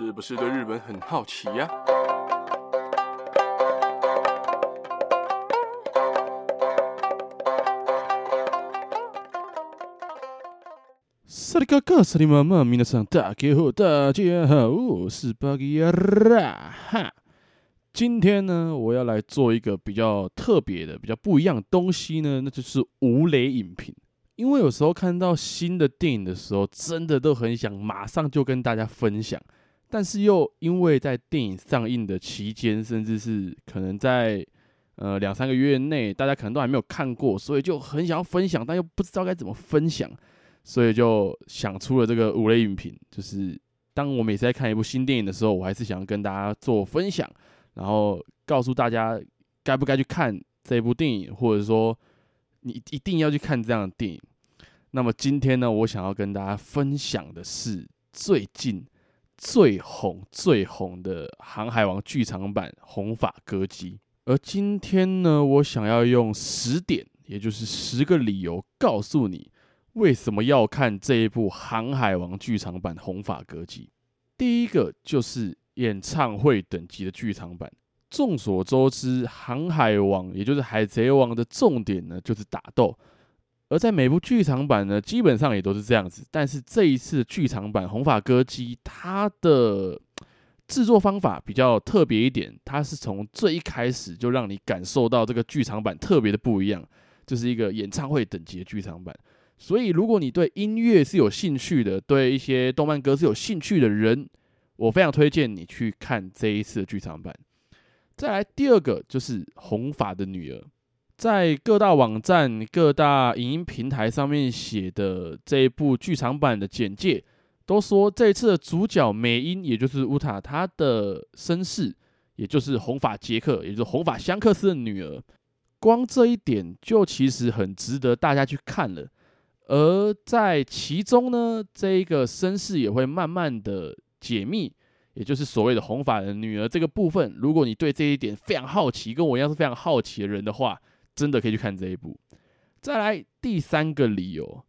是不是對日本很好奇呀？哈！今天呢，我要來做一個比較特別的、比較不一樣的東西呢，那就是無雷影評。因為有時候看到新的電影的時候，真的都很想馬上就跟大家分享。但是又因為在電影上映的期間，甚至是可能在呃兩三個月內，大家可能都還沒有看過，所以就很想要分享，但又不知道該怎麼分享，所以就想出了這個無雷影評。就是當我每次在看一部新電影的時候，我還是想要跟大家做分享，然後告訴大家該不該去看這部電影，或者說你一定要去看這樣的電影。那麼今天呢，我想要跟大家分享的是最近。最紅最紅的《航海王》劇場版《紅髮歌姬》，而今天呢，我想要用十點，也就是十個理由，告訴你為什麼要看這一部《航海王》劇場版《紅髮歌姬》。第一個就是演唱會等級的劇場版。眾所周知，《航海王》也就是《海賊王》的重點呢，就是打鬥。而在每部劇場版呢，基本上也都是這樣子。但是這一次劇場版《紅髮歌姬》，它的制作方法比較特別一點，它是從最一開始就讓你感受到這個劇場版特別的不一樣，就是一個演唱會等級的劇場版。所以，如果你對音樂是有興趣的，對一些動漫歌是有興趣的人，我非常推薦你去看這一次的劇場版。再來第二個就是紅髮的女兒。在各大網站、各大影音平台上面寫的這一部劇場版的簡介，都說這一次的主角美音，也就是烏塔，她的身世，也就是紅髮傑克，也就是紅髮香克斯的女兒，光這一點就其實很值得大家去看了。而在其中呢，這一個身世也會慢慢的解密，也就是所謂的紅髮的女兒這個部分。如果你對這一點非常好奇，跟我一樣是非常好奇的人的話，真的可以去看這一部。再來第三個理由，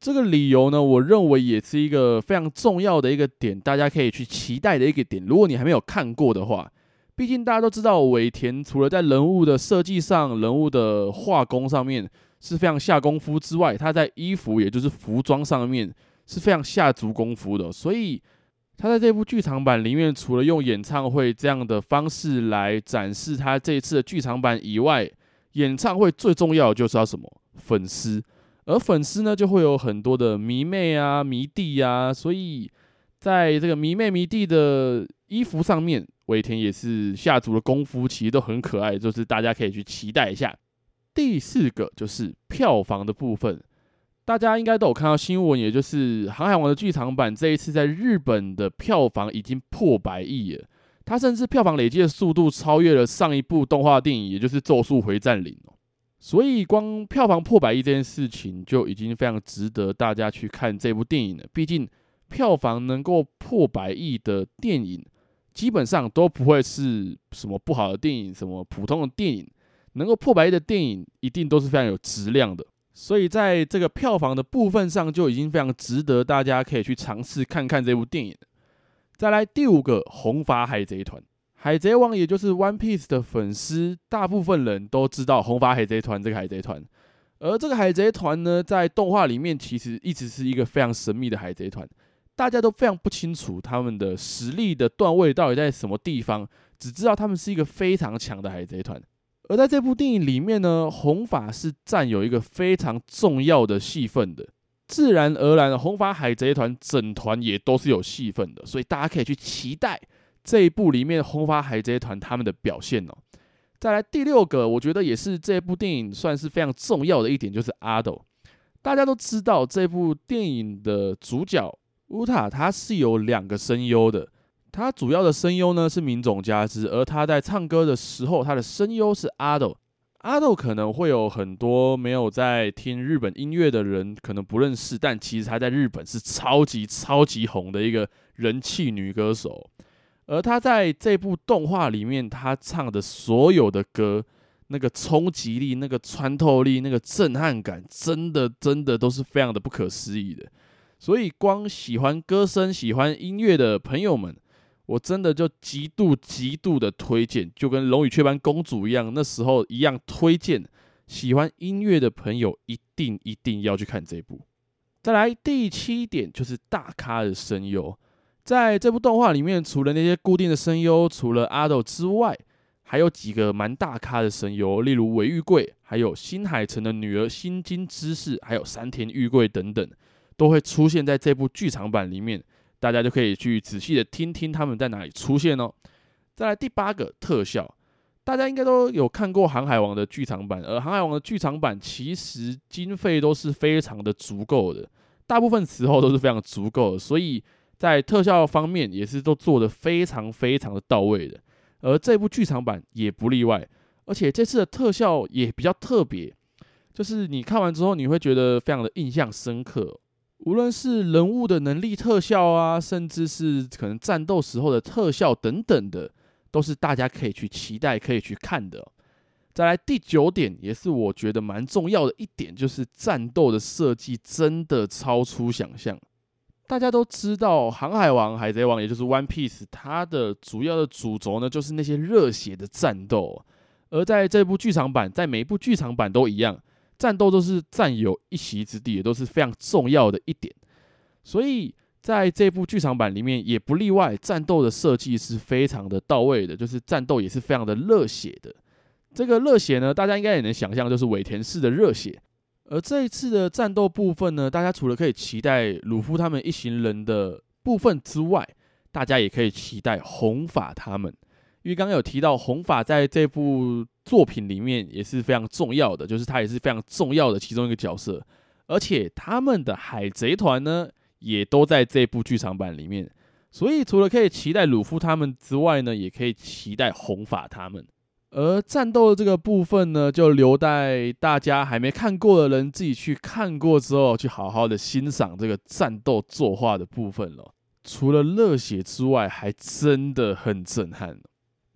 這個理由呢，我認為也是一個非常重要的一個點，大家可以去期待的一個點。如果你還沒有看過的話，畢竟大家都知道，尾田除了在人物的設計上、人物的畫工上面是非常下功夫之外，他在衣服，也就是服裝上面是非常下足功夫的。所以，他在這部劇場版裡面，除了用演唱會這樣的方式來展示他這一次的劇場版以外，演唱會最重要的就是要什麼？粉絲，而粉絲呢就會有很多的迷妹啊、迷弟啊，所以在這個迷妹迷弟的衣服上面，尾田也是下足了功夫，其實都很可愛，就是大家可以去期待一下。第四個就是票房的部分，大家應該都有看到新聞，也就是《航海王》的劇場版這一次在日本的票房已經破百億了。它甚至票房累積的速度超越了上一部動畫電影，也就是《咒術迴戰》零哦。所以光票房破百億這件事情就已經非常值得大家去看這部電影了。畢竟票房能夠破百億的電影，基本上都不會是什麼不好的電影，什麼普通的電影，能夠破百億的電影一定都是非常有質量的。所以在這個票房的部分上，就已經非常值得大家可以去嘗試看看這部電影了。再來第五個，紅髮海賊團，海賊王也就是 One Piece 的粉絲，大部分人都知道紅髮海賊團這個海賊團。而這個海賊團呢，在動畫裡面其實一直是一個非常神秘的海賊團，大家都非常不清楚他們的實力的段位到底在什麼地方，只知道他們是一個非常強的海賊團。而在這部電影裡面呢，紅髮是占有一個非常重要的戲份的。自然而然的，紅髮海賊團整團也都是有戲份的，所以大家可以去期待這一部裡面紅髮海賊團他們的表現哦。再來第六個，我覺得也是這部電影算是非常重要的一點，就是阿斗。大家都知道這部電影的主角烏塔，ta, 他是有兩個聲優的，他主要的聲優呢是名塚佳織，而他在唱歌的時候，他的聲優是阿斗。Ado，可能會有很多沒有在聽日本音樂的人，可能不認識，但其實他在日本是超級超級紅的一個人氣女歌手。而她在這部動畫裡面，她唱的所有的歌，那個衝擊力、那個穿透力、那個震撼感，真的真的都是非常的不可思議的。所以，光喜歡歌聲、喜歡音樂的朋友們。我真的就極度極度的推薦，就跟《龍與雀斑公主》一樣，那時候一樣推薦喜歡音樂的朋友，一定一定要去看這部。再來第七點就是大咖的聲優，在這部動畫裡面，除了那些固定的聲優，除了阿豆之外，還有幾個蠻大咖的聲優，例如韋玉桂，還有新海誠的女兒新津知世，還有山田裕貴等等，都會出現在這部劇場版裡面。大家就可以去仔細的聽聽他們在哪裡出現哦。再來第八個特效，大家應該都有看過《航海王》的劇場版，而《航海王》的劇場版其實經費都是非常的足夠的，大部分時候都是非常的足夠的，所以在特效方面也是都做得非常非常的到位的。而這部劇場版也不例外，而且這次的特效也比較特別，就是你看完之後你會覺得非常的印象深刻哦。無論是人物的能力特效啊，甚至是可能戰鬥時候的特效等等的，都是大家可以去期待、可以去看的。再來第九點，也是我覺得蠻重要的一點，就是戰鬥的設計真的超出想象。大家都知道，《航海王》《海賊王》，也就是 One Piece，它的主要的主軸呢，就是那些熱血的戰鬥。而在這部劇場版，在每一部劇場版都一樣。戰鬥都是占有一席之地，也都是非常重要的一點。所以在這部劇場版裡面也不例外，戰鬥的設計是非常的到位的，就是戰鬥也是非常的熱血的。這個熱血呢，大家應該也能想象，就是尾田式的熱血。而這一次的戰鬥部分呢，大家除了可以期待魯夫他們一行人的部分之外，大家也可以期待紅髮他們。因為剛剛有提到紅髮在這部作品裡面也是非常重要的，就是他也是非常重要的其中一個角色，而且他們的海賊團呢也都在這部劇場版裡面，所以除了可以期待魯夫他們之外呢，也可以期待紅髮他們。而戰鬥的這個部分呢，就留待大家還沒看過的人自己去看過之後，去好好的欣賞這個戰鬥作畫的部分了。除了熱血之外，還真的很震撼。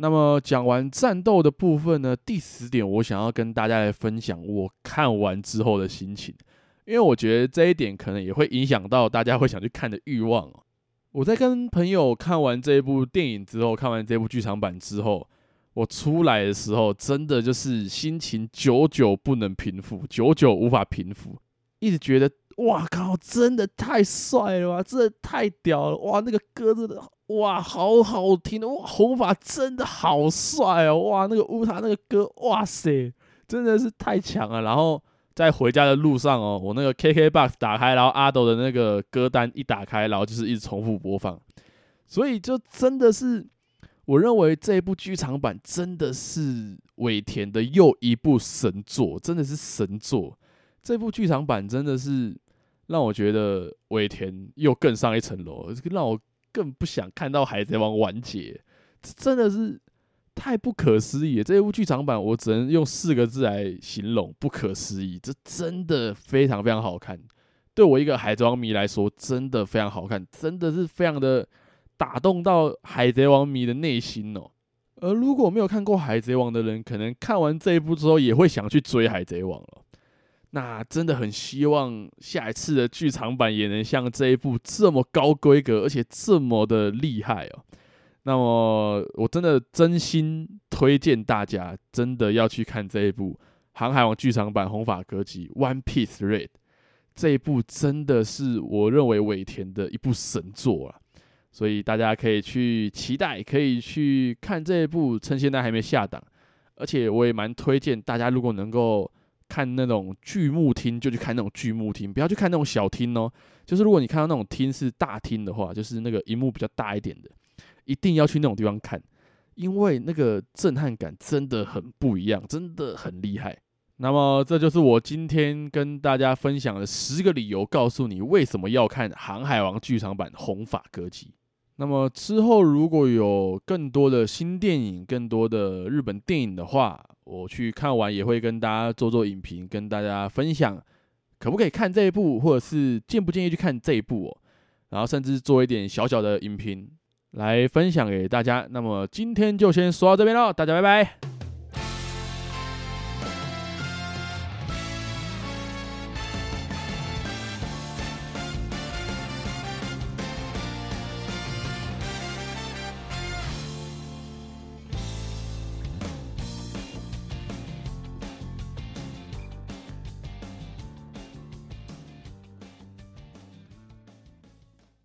那麼講完戰鬥的部分呢，第十點我想要跟大家來分享我看完之後的心情，因為我覺得這一點可能也會影響到大家會想去看的欲望哦。我在跟朋友看完這一部電影之後，看完這部劇場版之後，我出來的時候真的就是心情久久不能平復，久久無法平復，一直覺得哇靠，真的太帥了啊，真的太屌了，哇，那個歌真的。哇，好好聽哦，紅髮真的好帥哦！哇，那個烏塔那個歌，哇塞，真的是太強了。然後在回家的路上哦，我那個 KKBOX 打開，然後 Ado 的那個歌單一打開，然後就是一直重複播放。所以就真的是，我認為這部劇場版真的是尾田的又一部神作，真的是神作。這部劇場版真的是讓我覺得尾田又更上一層樓，這個讓我。更不想看到海賊王完結，這真的是太不可思議了！這一部劇場版，我只能用四個字來形容：不可思議。這真的非常非常好看，對我一個海賊王迷來說，真的非常好看，真的是非常的打動到海賊王迷的內心哦。而如果沒有看過海賊王的人，可能看完這一部之後，也會想去追海賊王了哦。那真的很希望下一次的劇場版也能像這一部這麼高規格，而且這麼的厲害哦。那麼，我真的真心推薦大家，真的要去看這一部《航海王劇場版紅髮歌姬 One Piece Red》這一部，真的是我認為尾田的一部神作啊！所以大家可以去期待，可以去看這一部，趁現在還沒下檔。而且我也蠻推薦大家，如果能夠。看那種巨幕廳，就去看那種巨幕廳，不要去看那種小廳哦、喔。就是如果你看到那種廳是大廳的話，就是那個熒幕比較大一點的，一定要去那種地方看，因為那個震撼感真的很不一樣，真的很厲害。那麼這就是我今天跟大家分享的十個理由，告訴你為什麼要看《航海王》劇場版《紅髮歌姬》。那麼之後如果有更多的新電影，更多的日本電影的話，我去看完也會跟大家做做影評，跟大家分享可不可以看這一部，或者是建不建議去看這一部哦。然後甚至做一點小小的影評來分享給大家。那麼今天就先說到這邊嘍，大家拜拜。